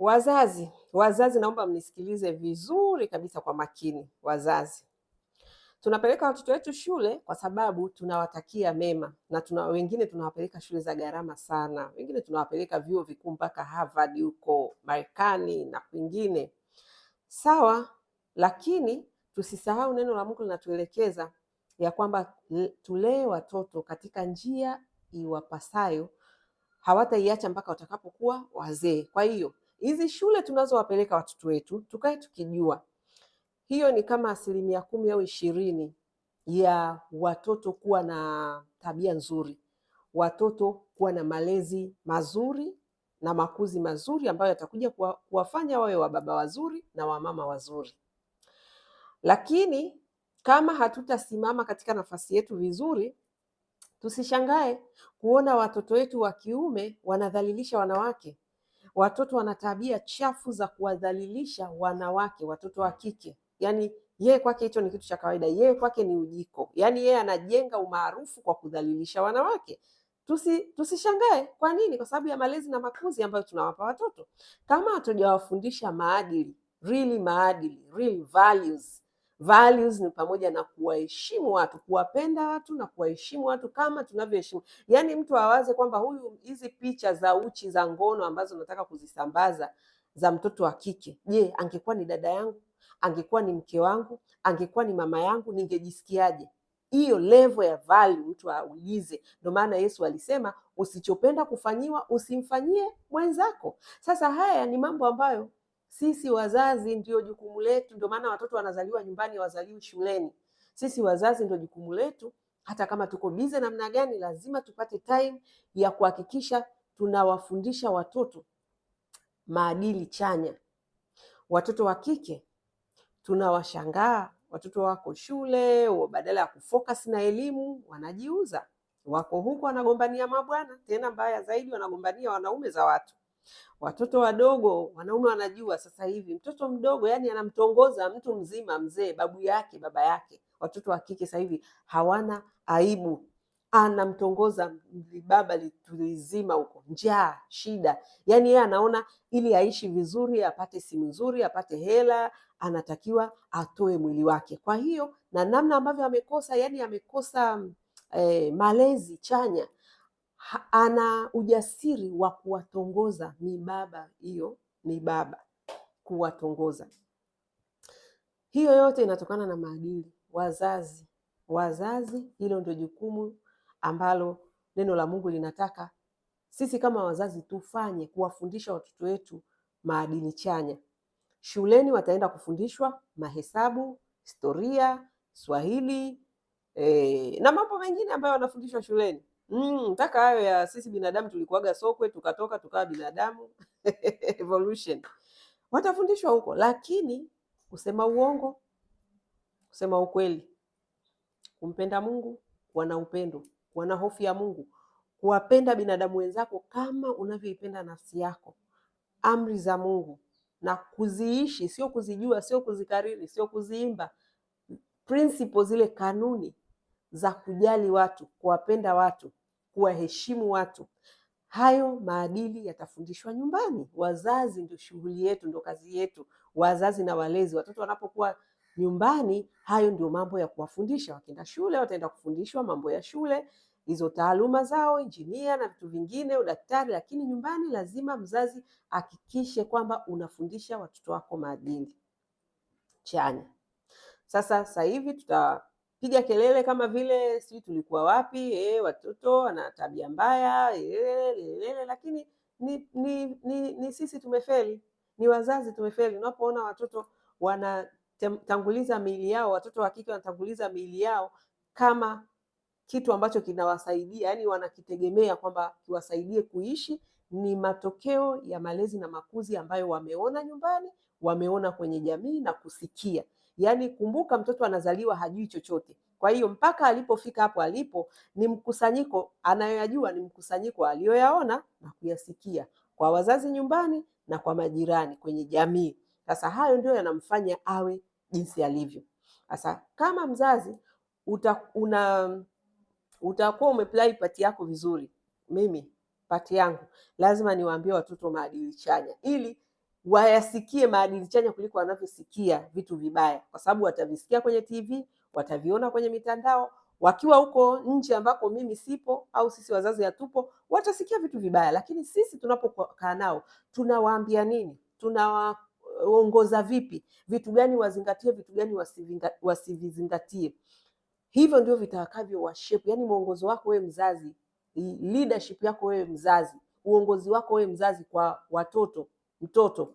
Wazazi, wazazi, naomba mnisikilize vizuri kabisa kwa makini. Wazazi, tunapeleka watoto wetu shule kwa sababu tunawatakia mema, na tuna wengine tunawapeleka shule za gharama sana, wengine tunawapeleka vyuo vikuu mpaka Harvard huko Marekani na kwingine. Sawa, lakini tusisahau neno la Mungu linatuelekeza ya kwamba tulee watoto katika njia iwapasayo, hawataiacha mpaka watakapokuwa wazee. Kwa hiyo hizi shule tunazowapeleka watoto wetu tukae tukijua hiyo ni kama asilimia kumi au ishirini ya watoto kuwa na tabia nzuri, watoto kuwa na malezi mazuri na makuzi mazuri ambayo yatakuja kuwafanya wawe wababa wazuri na wamama wazuri. Lakini kama hatutasimama katika nafasi yetu vizuri, tusishangae kuona watoto wetu wa kiume wanadhalilisha wanawake. Watoto wana tabia chafu za kuwadhalilisha wanawake, watoto wa kike. Yani yeye kwake hicho ni kitu cha kawaida, yeye kwake ni ujiko. Yani yeye anajenga umaarufu kwa kudhalilisha wanawake. Tusi, tusishangae. Kwa nini? Kwa sababu ya malezi na makuzi ambayo tunawapa watoto, kama hatujawafundisha maadili really maadili, real values Values ni pamoja na kuwaheshimu watu, kuwapenda watu na kuwaheshimu watu kama tunavyoheshimu. Yaani mtu awaze kwamba huyu, hizi picha za uchi za ngono ambazo nataka kuzisambaza za mtoto wa kike, je, angekuwa ni dada yangu, angekuwa ni mke wangu, angekuwa ni mama yangu, ningejisikiaje? Hiyo level ya value mtu aulize. Ndio maana Yesu alisema usichopenda kufanyiwa usimfanyie mwenzako. Sasa haya ni mambo ambayo sisi wazazi ndio jukumu letu, ndio maana watoto wanazaliwa nyumbani, wazaliwi shuleni. Sisi wazazi ndio jukumu letu, hata kama tuko bize namna gani, lazima tupate time ya kuhakikisha tunawafundisha watoto maadili chanya. Watoto wa kike tunawashangaa, watoto wako shule, badala ya kufocus na elimu wanajiuza, wako huko wanagombania mabwana, tena mbaya zaidi wanagombania wanaume za watu. Watoto wadogo, wanaume wanajua sasa hivi, mtoto mdogo yani anamtongoza mtu mzima, mzee, babu yake, baba yake. Watoto wa kike sasa hivi hawana aibu, anamtongoza baba tulizima huko, njaa, shida. Yani yeye anaona ili aishi vizuri, apate simu nzuri, apate hela, anatakiwa atoe mwili wake. Kwa hiyo na namna ambavyo amekosa, yani amekosa eh, malezi chanya ana ujasiri wa kuwatongoza mibaba hiyo mibaba, kuwatongoza. Hiyo yote inatokana na maadili. Wazazi, wazazi, hilo ndio jukumu ambalo neno la Mungu linataka sisi kama wazazi tufanye, kuwafundisha watoto wetu maadili chanya. Shuleni wataenda kufundishwa mahesabu, historia, Swahili eh, na mambo mengine ambayo wanafundishwa shuleni. Mm, mpaka mm, hayo ya sisi binadamu tulikuwaga sokwe tukatoka tukawa binadamu evolution. Watafundishwa huko, lakini kusema uongo, kusema ukweli, kumpenda Mungu, kuwa na upendo, kuwa na hofu ya Mungu, kuwapenda binadamu wenzako kama unavyoipenda nafsi yako, amri za Mungu na kuziishi, sio kuzijua, sio kuzikariri, sio kuziimba, principles zile, kanuni za kujali watu, kuwapenda watu kuwaheshimu watu. Hayo maadili yatafundishwa nyumbani. Wazazi ndio shughuli yetu, ndio kazi yetu, wazazi na walezi. Watoto wanapokuwa nyumbani, hayo ndio mambo ya kuwafundisha. Wakienda shule, wataenda kufundishwa mambo ya shule, hizo taaluma zao, injinia na vitu vingine, udaktari. Lakini nyumbani lazima mzazi hakikishe kwamba unafundisha watoto wako maadili chanya. Sasa sasa hivi tuta piga kelele kama vile sijui tulikuwa wapi, e, watoto ana tabia mbaya e, lakini ni, ni, ni, ni sisi tumefeli, ni wazazi tumefeli. Unapoona watoto wanatanguliza miili yao, watoto wa kike wanatanguliza miili yao kama kitu ambacho kinawasaidia, yani wanakitegemea kwamba kiwasaidie kuishi, ni matokeo ya malezi na makuzi ambayo wameona nyumbani, wameona kwenye jamii na kusikia. Yaani kumbuka, mtoto anazaliwa hajui chochote. Kwa hiyo mpaka alipofika hapo alipo ni mkusanyiko, anayoyajua ni mkusanyiko aliyoyaona na kuyasikia kwa wazazi nyumbani na kwa majirani, kwenye jamii. Sasa hayo ndio yanamfanya awe jinsi alivyo. Sasa kama mzazi uta, una utakuwa umeplay pati yako vizuri. Mimi pati yangu lazima niwaambie watoto maadili chanya ili wayasikie maadili chanya kuliko wanavyosikia vitu vibaya, kwa sababu watavisikia kwenye TV, wataviona kwenye mitandao wakiwa huko nje ambako mimi sipo au sisi wazazi hatupo, watasikia vitu vibaya. Lakini sisi tunapokaa nao, tunawaambia nini? Tunawaongoza vipi? Vitu gani wazingatie, vitu gani wasivizingatie? Hivyo ndio vitakavyo washepu, yani mwongozo wako wewe mzazi, leadership yako wewe mzazi, uongozi wako wewe mzazi kwa watoto mtoto.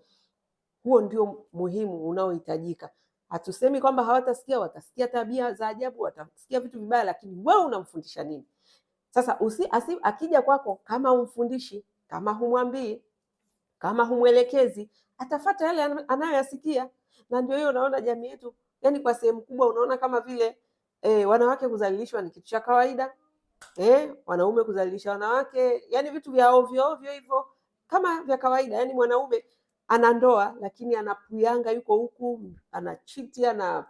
Huo ndio muhimu unaohitajika. Hatusemi kwamba hawatasikia, watasikia tabia za ajabu, watasikia vitu vibaya, lakini wewe unamfundisha nini? Sasa usi, asi, akija kwako kama umfundishi, kama humwambii, kama humwelekezi, atafata yale anayoyasikia. Na ndio hiyo unaona jamii yetu, yani kwa sehemu kubwa unaona kama vile eh, wanawake kudhalilishwa ni kitu cha kawaida eh, wanaume kudhalilisha wanawake, yani vitu vya ovyo ovyo hivyo kama vya kawaida, yani mwanaume ana ndoa lakini anapuyanga, yuko huku anachiti, ana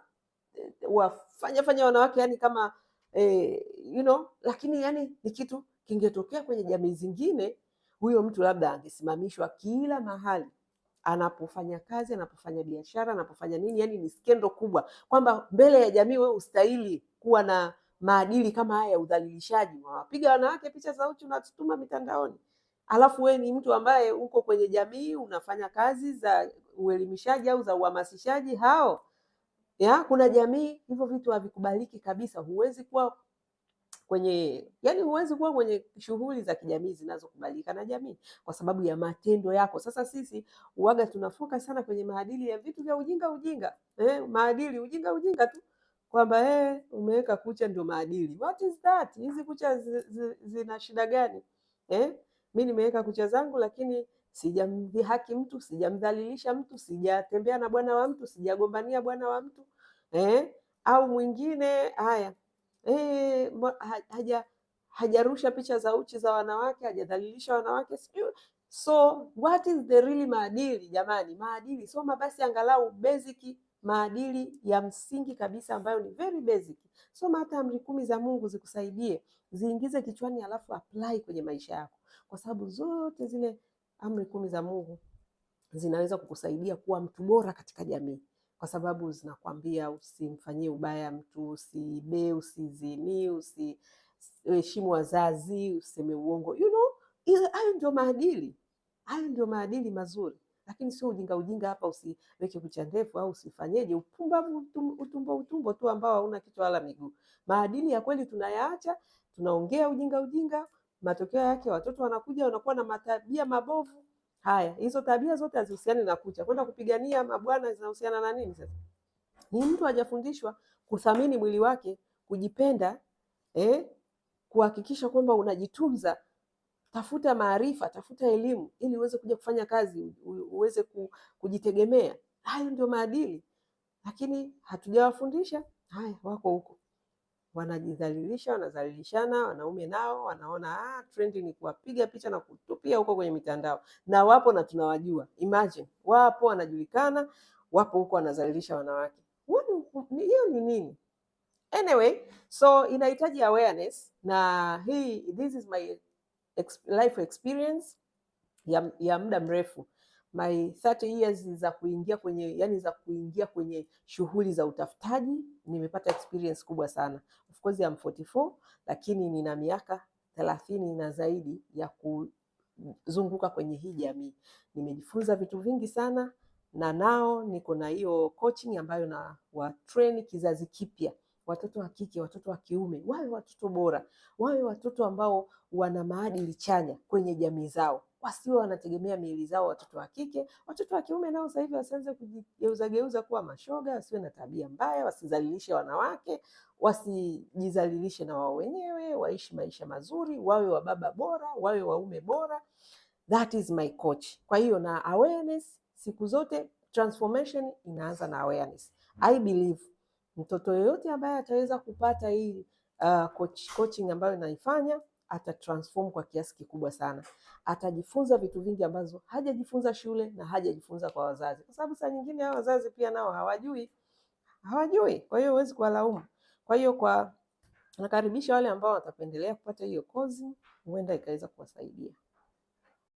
eh, wafanya fanya wanawake yani kama eh, you know, lakini yani ni kitu kingetokea kwenye jamii zingine, huyo mtu labda angesimamishwa kila mahali anapofanya kazi, anapofanya biashara, anapofanya nini, yani ni skendo kubwa, kwamba mbele ya jamii wewe ustahili kuwa na maadili kama haya ya udhalilishaji. Wapiga wanawake picha za uchi unatutuma mitandaoni alafu wewe ni mtu ambaye uko kwenye jamii unafanya kazi za uelimishaji au za uhamasishaji hao ya kuna jamii, hivyo vitu havikubaliki kabisa. Huwezi kuwa kwenye yani, huwezi kuwa kwenye shughuli za kijamii zinazokubalika na jamii kwa sababu ya matendo yako. Sasa sisi uwaga tunafoka sana kwenye maadili ya vitu vya ujinga ujinga, eh, maadili ujinga ujinga tu kwamba eh, umeweka kucha ndio maadili. What is that? Hizi kucha zina shida gani eh? mi nimeweka kucha zangu, lakini sijamdhihaki mtu, sijamdhalilisha mtu, sijatembea na bwana wa mtu, sijagombania bwana wa mtu eh? au mwingine haya eh, haja hajarusha picha za uchi za wanawake, hajadhalilisha wanawake, sijui so what is the really maadili jamani? Maadili soma basi angalau basic maadili ya msingi kabisa ambayo ni very basic. Soma hata amri kumi za Mungu zikusaidie, ziingize kichwani, alafu apply kwenye maisha yako kwa sababu zote zile amri kumi za Mungu zinaweza kukusaidia kuwa mtu bora katika jamii, kwa sababu zinakwambia usimfanyie ubaya mtu, usiibe, usizini, usiheshimu wazazi, useme uongo, you know, hayo ndio maadili, hayo ndio maadili mazuri, lakini sio ujinga ujinga hapa, usiweke kucha ndefu au usifanyeje, upumbavu, utumbo utumbo tu ambao hauna kichwa wala miguu. Maadili ya kweli tunayaacha, tunaongea ujinga ujinga matokeo yake watoto wanakuja wanakuwa na matabia mabovu. Haya, hizo tabia zote hazihusiani na kucha kwenda kupigania mabwana, zinahusiana na nini? Sasa ni mtu hajafundishwa kuthamini mwili wake, kujipenda, eh, kuhakikisha kwamba unajitunza. Tafuta maarifa, tafuta elimu ili uweze kuja kufanya kazi, uweze kujitegemea. Hayo ndio maadili, lakini hatujawafundisha. Haya, wako huko wanajidhalilisha, wanadhalilishana wanaume nao wanaona ah, trendi ni kuwapiga picha na kutupia huko kwenye mitandao, na wapo na tunawajua. Imagine wapo wanajulikana, wapo huko wanadhalilisha wanawake. Hiyo ni nini? Anyway, so inahitaji awareness na hii, this is my life experience ya, ya muda mrefu my 30 years za kuingia kwenye yani za kuingia kwenye shughuli za utafutaji nimepata experience kubwa sana. Of course I'm 44 lakini nina miaka thelathini na zaidi ya kuzunguka kwenye hii jamii. Nimejifunza vitu vingi sana, na nao niko na hiyo coaching ambayo na watrain kizazi kipya, watoto wa kike, watoto wa kiume, wawe watoto bora, wawe watoto ambao wana maadili chanya kwenye jamii zao wasiwe wanategemea miili zao watoto wa kike. Watoto wa kiume nao sasa hivi wasianze kujigeuzageuza kuwa mashoga, wasiwe na tabia mbaya, wasizalilishe wanawake, wasijizalilishe na wao wenyewe, waishi maisha mazuri, wawe wa baba bora, wawe waume bora. That is my coach. Kwa hiyo na awareness siku zote, transformation inaanza na awareness. I believe mtoto yoyote ambaye ataweza kupata hii uh, coach, coaching ambayo naifanya atatransform kwa kiasi kikubwa sana, atajifunza vitu vingi ambazo hajajifunza shule na hajajifunza kwa wazazi, kwa sababu saa nyingine hao wazazi pia nao hawajui, hawajui. Kwa hiyo huwezi kuwalaumu. Kwa hiyo kwa nakaribisha wale ambao watapendelea kupata hiyo kozi, huenda ikaweza kuwasaidia.